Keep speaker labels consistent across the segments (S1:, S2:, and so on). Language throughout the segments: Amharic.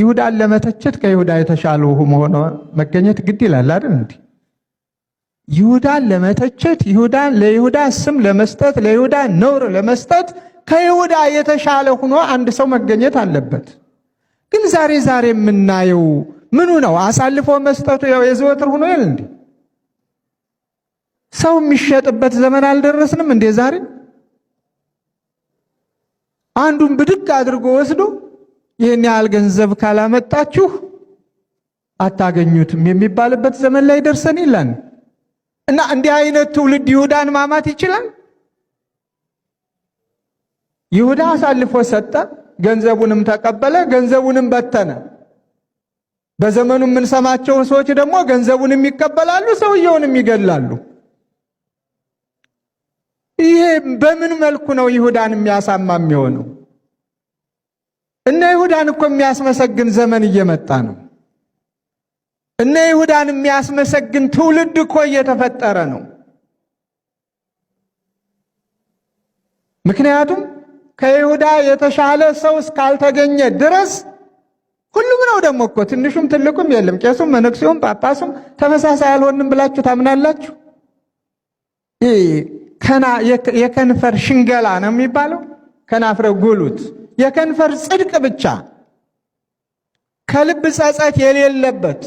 S1: ይሁዳን ለመተቸት ከይሁዳ የተሻሉ መሆነ መገኘት ግድ ይላል አይደል? እንዲህ ይሁዳን ለመተቸት ይሁዳን ለይሁዳ ስም ለመስጠት ለይሁዳ ነውር ለመስጠት ከይሁዳ የተሻለ ሆኖ አንድ ሰው መገኘት አለበት። ግን ዛሬ ዛሬ የምናየው ምኑ ነው? አሳልፎ መስጠቱ ያው የዘወትር ሆኖ ይል እንዴ? ሰው የሚሸጥበት ዘመን አልደረስንም እንዴ? ዛሬ አንዱን ብድግ አድርጎ ወስዶ ይህን ያህል ገንዘብ ካላመጣችሁ አታገኙትም የሚባልበት ዘመን ላይ ደርሰን ይላል እና እንዲህ አይነት ትውልድ ይሁዳን ማማት ይችላል? ይሁዳ አሳልፎ ሰጠ፣ ገንዘቡንም ተቀበለ፣ ገንዘቡንም በተነ። በዘመኑ የምንሰማቸው ሰዎች ደግሞ ገንዘቡንም ይቀበላሉ፣ ሰውየውንም ይገላሉ። ይሄ በምን መልኩ ነው ይሁዳን የሚያሳማ የሚሆነው? ይሁዳን እኮ የሚያስመሰግን ዘመን እየመጣ ነው። እነ ይሁዳን የሚያስመሰግን ትውልድ እኮ እየተፈጠረ ነው። ምክንያቱም ከይሁዳ የተሻለ ሰው እስካልተገኘ ድረስ ሁሉም ነው ደግሞ እኮ ትንሹም ትልቁም የለም። ቄሱም፣ መነኩሴውም፣ ጳጳሱም ተመሳሳይ አልሆንም ብላችሁ ታምናላችሁ? የከንፈር ሽንገላ ነው የሚባለው። ከናፍረ ጉሉት የከንፈር ጽድቅ ብቻ ከልብ ጸጸት የሌለበት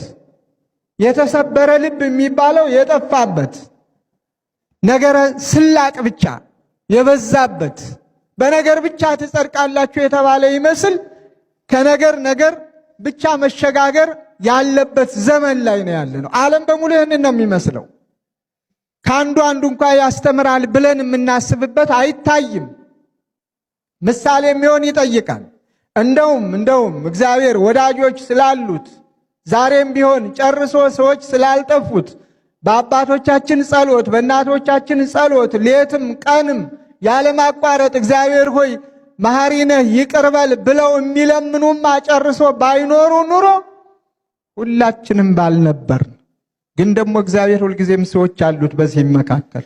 S1: የተሰበረ ልብ የሚባለው የጠፋበት ነገረ ስላቅ ብቻ የበዛበት በነገር ብቻ ትጸድቃላችሁ የተባለ ይመስል ከነገር ነገር ብቻ መሸጋገር ያለበት ዘመን ላይ ነው ያለ ነው። ዓለም በሙሉ ይህንን ነው የሚመስለው። ከአንዱ አንዱ እንኳ ያስተምራል ብለን የምናስብበት አይታይም። ምሳሌ የሚሆን ይጠይቃል። እንደውም እንደውም እግዚአብሔር ወዳጆች ስላሉት ዛሬም ቢሆን ጨርሶ ሰዎች ስላልጠፉት በአባቶቻችን ጸሎት፣ በእናቶቻችን ጸሎት ሌትም ቀንም ያለማቋረጥ እግዚአብሔር ሆይ መሐሪ ነህ ብለው የሚለምኑማ ጨርሶ ባይኖሩ ኑሮ ሁላችንም ባልነበርን። ግን ደግሞ እግዚአብሔር ሁልጊዜም ሰዎች አሉት። በዚህም መካከል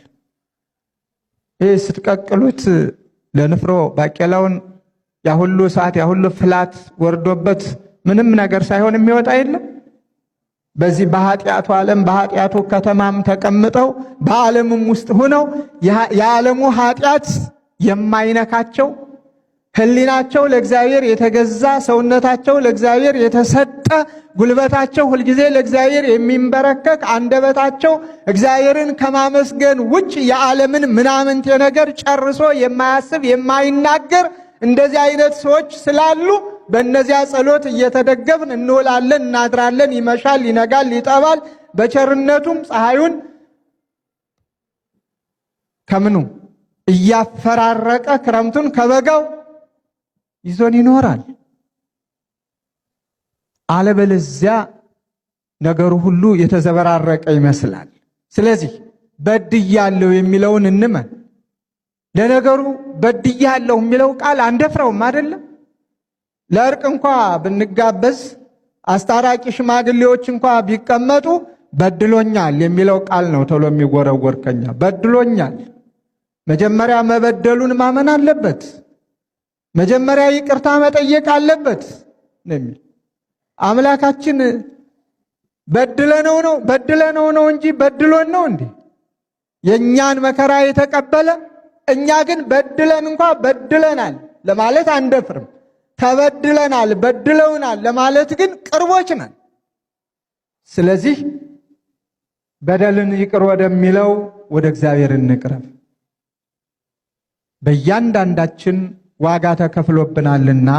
S1: ይህ ስትቀቅሉት ለንፍሮ ባቄላውን ያሁሉ ሰዓት ያሁሉ ፍላት ወርዶበት ምንም ነገር ሳይሆን የሚወጣ የለም። በዚህ በኃጢአቱ ዓለም በኃጢአቱ ከተማም ተቀምጠው በዓለምም ውስጥ ሆነው የዓለሙ ኃጢአት የማይነካቸው ህሊናቸው ለእግዚአብሔር የተገዛ ሰውነታቸው ለእግዚአብሔር የተሰጠ ጉልበታቸው ሁልጊዜ ለእግዚአብሔር የሚንበረከክ አንደበታቸው እግዚአብሔርን ከማመስገን ውጭ የዓለምን ምናምንቴ ነገር ጨርሶ የማያስብ የማይናገር እንደዚህ አይነት ሰዎች ስላሉ በእነዚያ ጸሎት እየተደገፍን እንውላለን፣ እናድራለን። ይመሻል፣ ይነጋል፣ ይጠባል። በቸርነቱም ፀሐዩን ከምኑ እያፈራረቀ ክረምቱን ከበጋው ይዞን ይኖራል። አለበለዚያ ነገሩ ሁሉ የተዘበራረቀ ይመስላል። ስለዚህ በድያለሁ የሚለውን እንመን። ለነገሩ በድያለሁ የሚለው ቃል አንደፍረውም አይደለም። ለእርቅ እንኳ ብንጋበዝ አስታራቂ ሽማግሌዎች እንኳ ቢቀመጡ በድሎኛል የሚለው ቃል ነው ቶሎ የሚጎረጎር ከኛ። በድሎኛል መጀመሪያ መበደሉን ማመን አለበት። መጀመሪያ ይቅርታ መጠየቅ አለበት ነው የሚል አምላካችን በድለነው ነው በድለነው ነው እንጂ በድሎን ነው እንዴ? የእኛን መከራ የተቀበለ እኛ ግን በድለን እንኳ በድለናል ለማለት አንደፍርም። ተበድለናል፣ በድለውናል ለማለት ግን ቅርቦች ነን። ስለዚህ በደልን ይቅር ወደሚለው ወደ እግዚአብሔር እንቅረብ በእያንዳንዳችን ዋጋ ተከፍሎብናልና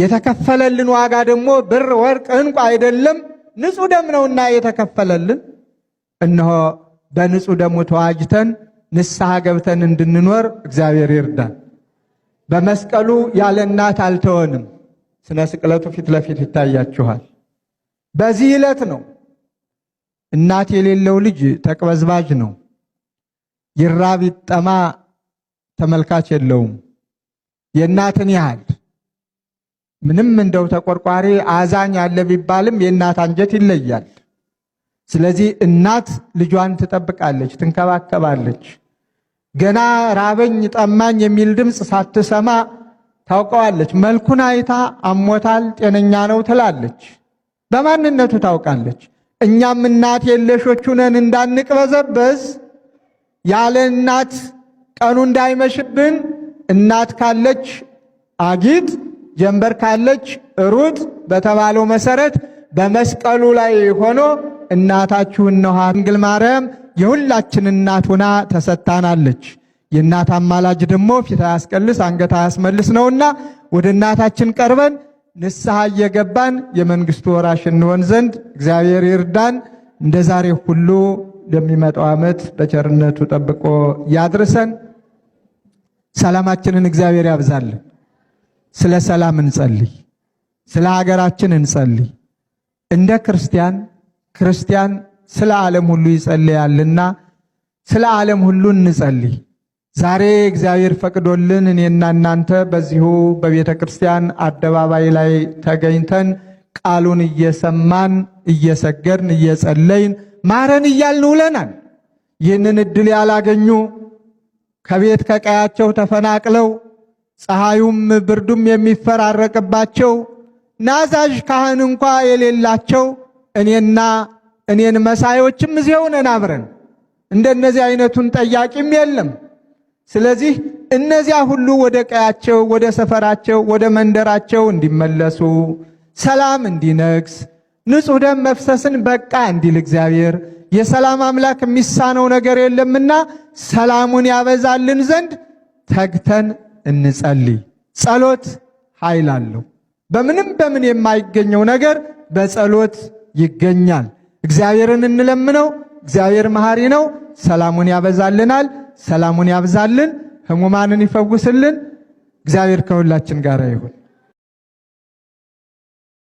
S1: የተከፈለልን ዋጋ ደግሞ ብር፣ ወርቅ፣ እንቁ አይደለም ንጹህ ደም ነውና የተከፈለልን እነሆ በንጹህ ደሙ ተዋጅተን ንስሐ ገብተን እንድንኖር እግዚአብሔር ይርዳን። በመስቀሉ ያለ እናት አልተወንም። ስነ ስቅለቱ ፊት ለፊት ይታያችኋል። በዚህ ዕለት ነው እናት የሌለው ልጅ ተቅበዝባዥ ነው። ይራብ ይጠማ ተመልካች የለውም። የእናትን ያህል ምንም እንደው ተቆርቋሪ አዛኝ ያለ ቢባልም የእናት አንጀት ይለያል። ስለዚህ እናት ልጇን ትጠብቃለች፣ ትንከባከባለች። ገና ራበኝ ጠማኝ የሚል ድምፅ ሳትሰማ ታውቀዋለች። መልኩን አይታ አሞታል፣ ጤነኛ ነው ትላለች። በማንነቱ ታውቃለች። እኛም እናት የለሾቹ ነን እንዳንቅበዘበዝ ያለ እናት ቀኑ እንዳይመሽብን እናት ካለች አጊጥ፣ ጀንበር ካለች ሩት በተባለው መሰረት በመስቀሉ ላይ ሆኖ እናታችሁ እነኋ ድንግል ማርያም የሁላችን እናት ሆና ተሰጥታናለች። የእናት አማላጅ ደግሞ ፊት አያስቀልስ አንገት አያስመልስ ነውና ወደ እናታችን ቀርበን ንስሐ እየገባን የመንግስቱ ወራሽ እንሆን ዘንድ እግዚአብሔር ይርዳን። እንደ ዛሬ ሁሉ ለሚመጣው ዓመት በቸርነቱ ጠብቆ ያድርሰን። ሰላማችንን እግዚአብሔር ያብዛልን። ስለ ሰላም እንጸልይ፣ ስለ ሀገራችን እንጸልይ። እንደ ክርስቲያን ክርስቲያን ስለ ዓለም ሁሉ ይጸልያልና ስለ ዓለም ሁሉ እንጸልይ። ዛሬ እግዚአብሔር ፈቅዶልን እኔና እናንተ በዚሁ በቤተ ክርስቲያን አደባባይ ላይ ተገኝተን ቃሉን እየሰማን እየሰገድን እየጸለይን ማረን እያልን ውለናል። ይህንን እድል ያላገኙ ከቤት ከቀያቸው ተፈናቅለው ፀሐዩም ብርዱም የሚፈራረቅባቸው ናዛዥ ካህን እንኳ የሌላቸው እኔና እኔን መሳዮችም እዚያው ነን አብረን። እንደነዚህ አይነቱን ጠያቂም የለም። ስለዚህ እነዚያ ሁሉ ወደ ቀያቸው፣ ወደ ሰፈራቸው፣ ወደ መንደራቸው እንዲመለሱ ሰላም እንዲነግስ ንጹሕ ደም መፍሰስን በቃ እንዲል እግዚአብሔር የሰላም አምላክ የሚሳነው ነገር የለምና ሰላሙን ያበዛልን ዘንድ ተግተን እንጸልይ። ጸሎት ኃይል አለው። በምንም በምን የማይገኘው ነገር በጸሎት ይገኛል። እግዚአብሔርን እንለምነው። እግዚአብሔር መሐሪ ነው። ሰላሙን ያበዛልናል። ሰላሙን ያብዛልን፣ ሕሙማንን ይፈውስልን። እግዚአብሔር ከሁላችን ጋር ይሁን።